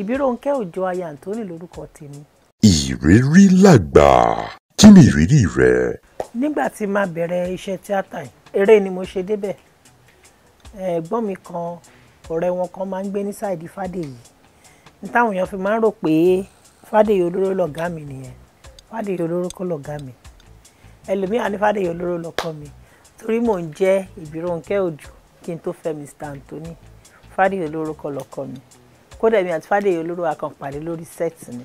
ìbíròǹkẹ́ òjò aya Anthony lórúkọ tèmi. ìrírí làgbà kí ni ìrírí rẹ. nígbà tí màá bẹ̀rẹ̀ iṣẹ́ tíátà eré ni mo ṣe débẹ̀ ẹ̀gbọ́n mi kan ọ̀rẹ́ wọn kan máa ń gbé ní sáìdì Fádèyí ní táwọn èèyàn fi máa ń rò pé Fádèyí olóró lọ̀gá mi nìyẹn Fádèyí olóró kọ́ lọ̀gá mi ẹlòmíà ní Fádèyí olóró lọ́kọ mi torí mò ń jẹ́ ìbíròǹkẹ́ òjò kí n tó fẹ́ Mr. Anthony Fádèyí olóró kọ́ lọ́kọ mi kódà èmi àti Fádèyí Olúróò kan pàdé lórí set ni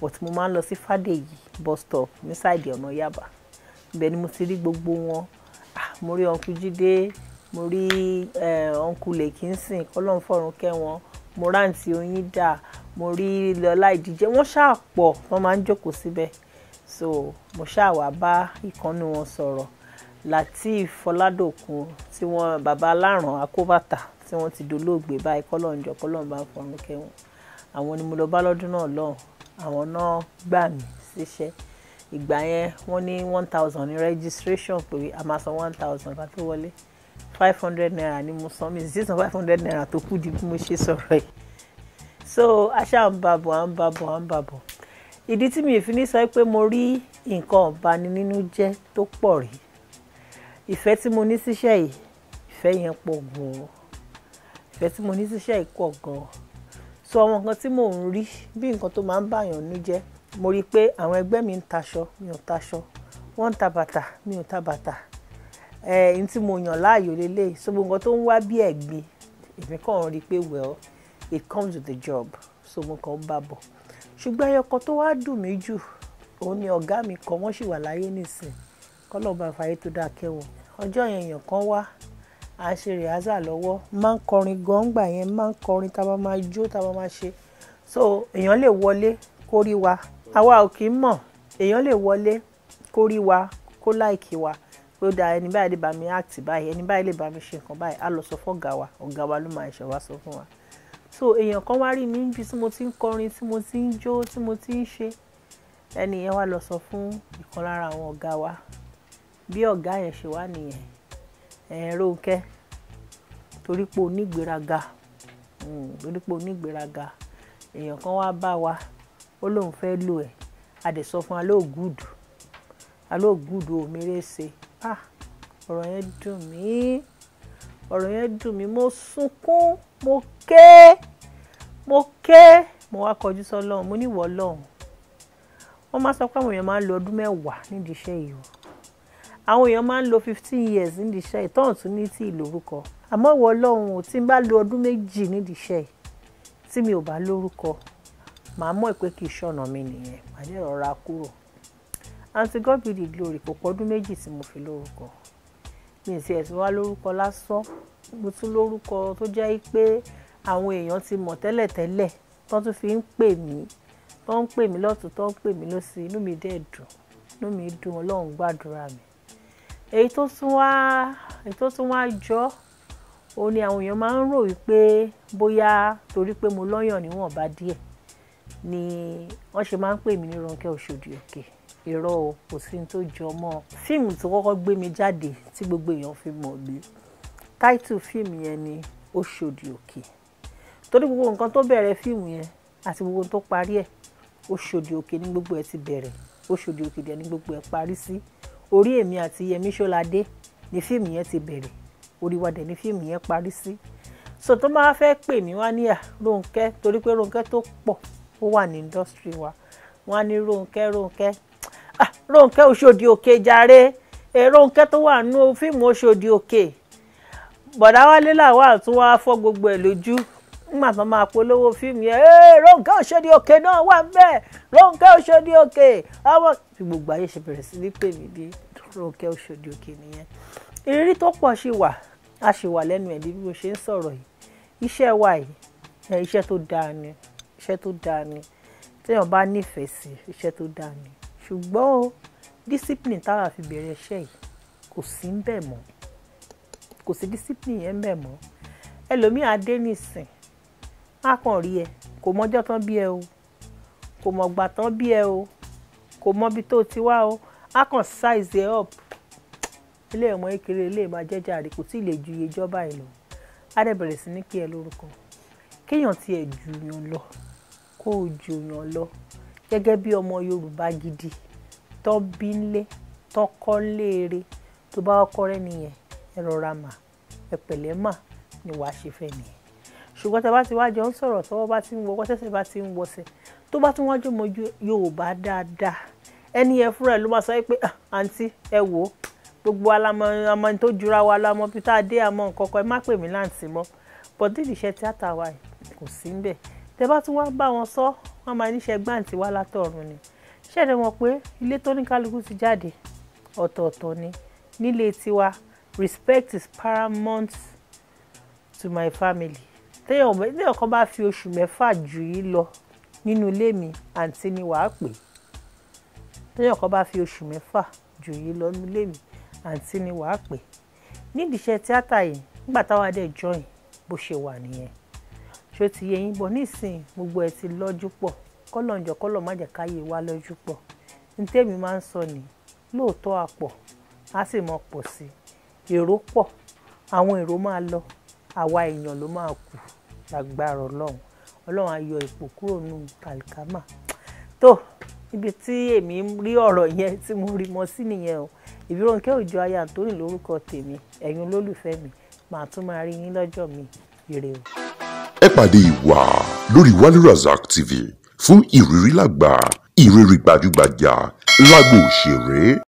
but mo máa ń lọ sí Fádèyí bus stop ní sáìdì ọ̀nà Yaba ibẹ̀ ni mo ti rí gbogbo wọn ah, mo rí ọ̀nkú Jídé mo rí ọ̀nkú Lèkínsìn kọ́lọ́n fọ̀run kẹ́ wọn mo ráǹtì oyin dà mo rí lọ́lá ìdíje wọ́n ṣáà pọ̀ wọ́n máa ń jókòó síbẹ̀ so mo ṣáà wá bá ìkànnì wọn sọ̀rọ̀ Lateef Ọládòkun tí wọ́n bàbá aláràn akóbàtà tí wọ́n ti dolóògbé báyìí kọ́lọ́njọ kọ́lọ́nba fọ̀run kẹ́wọ̀n àwọn ni mo lọ bá lọ́dún náà lọ́hùn àwọn náà gbà mí síṣẹ́ ìgbà yẹn wọ́n ní one thousand ní registration pé a máa san one thousand ká tó wọlé five hundred naira ni mo san mi sì five hundred naira tó kù di bí mo ṣe sọ̀rọ̀ ẹ̀ so aṣá ń bà bọ̀ à ń bà bọ̀ à ń bà bọ̀ ìdí tí mi ì fi ní sọ pé mo rí nǹkan ọ̀bani nínú jẹ́ tó pọ̀ rí ìfẹ́ tí mo ní síṣẹ́ yìí ìfẹ́ yẹn pọ̀ gan ìfẹ́ tí mo ní síṣẹ́ ìkọ̀ gan-an so àwọn nǹkan tí mò ń rí bí nǹkan tó máa ń bàyàn nú jẹ́ mo rí i pé àwọn ẹgbẹ́ mi ń taṣọ mi ò taṣọ wọ́n ń ta bàtà mi ò ta bàtà ẹ̀ ẹ̀ tí mo yàn láàyò lélẹ́yìí so gbogbo nǹkan tó ń wá bí ẹ̀gbin èmi kàn rí i pé well it comes with the job so mo kàn ń bá bọ̀ ṣùgbọ́n ẹyọkọ tó wá dùn mí jù òun ni ọ̀gá mi kan wọ́n sì wà láyé nísìn kọ́lọ́ọ̀bá fàyè tó dáa kẹ́wọ̀n ọjọ́ yẹn èèyàn kan wá a ṣe rìhásà máa ń kọrin gọ́ngbà yẹn máa ń kọrin tá a bá máa jó tá a bá máa ṣe so èèyàn lè wọlé kó rí wa àwa ò kì í mọ̀ èèyàn lè wọlé kó rí wa kó láìkì wa pé ó dáa ẹni báyìí lè bá mi act báyìí ẹni báyìí lè bá mi ṣe nǹkan báyìí á lọ sọ fún ọ̀gá wa ọ̀gá wa ló máa ṣe wá sọ fún wa so èèyàn kan wá rí mi níbi tí mo ti ń kọrin tí mo ti ń jó tí mo ti ń ṣe ẹni yẹn wá lọ sọ fún ìkan lára àwọn ọ̀gá wa bí ọ̀gá yẹn ṣe wá nìyẹn Rónkẹ́ torí pé o nígbéraga hmm, torí pé o nígbéraga èèyàn kan wá bá wa ó lóun fẹ́ lò ẹ̀ a dẹ̀ sọ fún alóògùdù alóògùdù òmírèsè ah ọ̀rọ̀ yẹn dùn mí ọ̀rọ̀ yẹn dùn mí mo sunkún mo ké mo ké mo wá kọjú sọ́lọ́run mo níwọ̀ ọlọ́run wọ́n máa sọ pé àwọn èèyàn máa ń lo ọdún mẹ́wàá nídìí iṣẹ́ yìí o àwọn èèyàn máa ń lo fifteen years nídìí iṣẹ́ ìtọ́hún tún ní tí ìlórúkọ àmọ́ ìwọ ọlọ́run ò tí ń bá lo ọdún méjì nídìí iṣẹ́ tí mi ò bá lórúkọ màá mọ̀ pé kì í ṣọ̀nà mi nìyẹn màá dẹ̀ rọra kúrò Aunty God be the glory kò pọ̀ ọdún méjì tí mo fi lórúkọ mi ì tiẹ̀ tún wá lórúkọ lásán mo tún lórúkọ tó jẹ́ pé àwọn èèyàn ti mọ̀ tẹ́lẹ̀tẹ́lẹ̀ tó tún fi ń pè mí tó ń pè mí lọ́tún tó ń pè mí lọ́sí inú mi dẹ̀ dùn inú mi dùn ọlọ́run gbàdúrà mi èyí tó tún wá èyí tó tún wá jọ òun ni àwọn èèyàn máa ń rò wípé bóyá torí pé mo lọ́yàn níwọ̀nba díẹ̀ ni wọ́n ṣe máa ń pè mí ní Ronke Oṣòdì Òkè irọ́ o kò sí ní tó jọ mọ́ fíìmù tó kọ́kọ́ gbé mi jáde tí gbogbo èèyàn fi mọ̀ mí táìtù fíìmù yẹn ni Oṣòdì Òkè torí gbogbo nǹkan tó bẹ̀rẹ̀ fíìmù yẹn àti gbogbo tó parí ẹ̀ Oṣòdì Òkè ní gbogbo ẹ̀ ti bẹ̀rẹ̀ Oṣòdì Òkè dẹ̀ ní gbogbo ẹ̀ parí sí. Si orí èmi àti Yẹmí Ṣọ́ládé ni fíìmù yẹn ti bẹ̀rẹ̀ orí ni fíìmù yẹn parí sí so tó máa fẹ́ pè mí wá ní à Rónkẹ́ torí pé Rónkẹ́ tó pọ̀ ó wà ní indọ́sítírì wa wọ́n á ní ronke Rónkẹ́ ah Rónkẹ́ Òṣòdì Òkè jàre Rónkẹ́ tó wà nú fíìmù Òṣòdì Òkè bọ̀dá wálé làwọn àtúnwá fọ́ gbogbo ẹ̀ lójú nígbà tó máa polówó fíìmù yẹn ee Ronke Oṣodi Òkè náà wà bẹ́ẹ̀ Ronke Oṣodi Òkè àwọn tí gbogbo ayé ṣe bẹ̀rẹ̀ sí ní pè mí bí Ronke Oṣodi Òkè nìyẹn ìrírí tó pọ̀ ṣì wà a ṣì wà lẹ́nu ẹ̀ bí mo ṣe ń sọ̀rọ̀ yìí iṣẹ́ wa yìí iṣẹ́ tó dáa ni iṣẹ́ tó dáa ni téèyàn bá nífẹ̀ẹ́ sí iṣẹ́ tó dáa ni ṣùgbọ́n o discipline táwa fi bẹ̀rẹ̀ iṣẹ́ yìí kò sí ń bẹ̀ mọ́ kò sí discipline yẹn ń bẹ̀ mọ́ ẹlòmíì adé nìsín á kàn rí ẹ kò mọjọ́ tán bí ẹ o kò mọ̀gbà tán bí ẹ o kò mọbi tó ti wá o á kàn size ẹ up ilé ọmọ kékeré ilé ìmọ̀ ajẹ́jà rẹ̀ kò tí ì lè ju iye ìjọba ẹ̀ lọ á dẹ̀ bẹ̀rẹ̀ sí ní kí ẹ lórúkọ kéèyàn tiẹ̀ ju yàn lọ kó o ju yàn lọ gẹ́gẹ́ bí ọmọ Yorùbá gidi tó bí nlé tó kọ́ léere tó bá kọ́ rẹ́ nìyẹn ẹ rọra mà ẹ pẹ̀lẹ́ mà ni wàá ṣe fẹ́ nìyẹn ṣùgbọ́n tá a bá ti wá jọ ń sọ̀rọ̀ tọ́wọ́ bá ti ń wọ tẹ́sẹ̀ bá ti ń wọsẹ̀ tó bá tún wá jọ mọ Yorùbá dáadáa ẹni yẹn fúnra ẹ̀ ló máa sọ pé ah, àǹtí ẹ wò ó gbogbo alamọ ọmọ tó jura wa lọ ọmọ bíi tá a dé àmọ́ nǹkan kan ẹ má pè mí láǹtí mọ́ bọ́dí ìṣe tíátà wa kò sí ń bẹ̀ tẹ bá tún wá bá wọn sọ wọn máa níṣẹ́ gbàǹtí wá látọ̀run ni ṣẹ̀dẹ̀ mọ̀ pé ilé tó ní ti jáde ọ̀tọ̀ọ̀tọ̀ ni nílé tiwa respect is paramount to my family téèyàn kan bá fi oṣù mẹ́fà jù yí lọ nínú ilé mi àǹtí ni wàá pè téèyàn kan bá fi oṣù mẹ́fà jù yí lọ nínú ilé mi àǹtí ni wàá pè nídìí iṣẹ́ tíátà yìí nígbà táwọn adé join bó ṣe wà nìyẹn ṣó ti yẹ yín bọ̀ nísìnyí gbogbo ẹ̀ ti lọ́jú pọ̀ kọ́lọ̀njọ́ kọ́lọ̀ má jẹ́ káyé wa lọ́jú pọ̀ ntẹ́mi máa ń sọ nìyí lóòótọ́ àpọ̀ á sì mọ pọ̀ sí èrò pọ̀ àwọn èrò máa lọ àwa èèyàn ló máa kù lágbára ọlọ́run ọlọ́run á yọ ipò kúrò nù kàlìkámà tó níbi tí èmi rí ọ̀rọ̀ yẹn tí mo rí mọ́ sí nìyẹn o ìbíròǹkẹ́ òjò aya àtòrìn lórúkọ tèmi ẹ̀yin olólùfẹ́ mi màá tún máa rí yín lọ́jọ́ mi ire o. ẹ pàdé ìwà lórí Wale Rasaq TV fún ìrírí lágbà ìrírí gbajúgbajà lágbo òṣèré.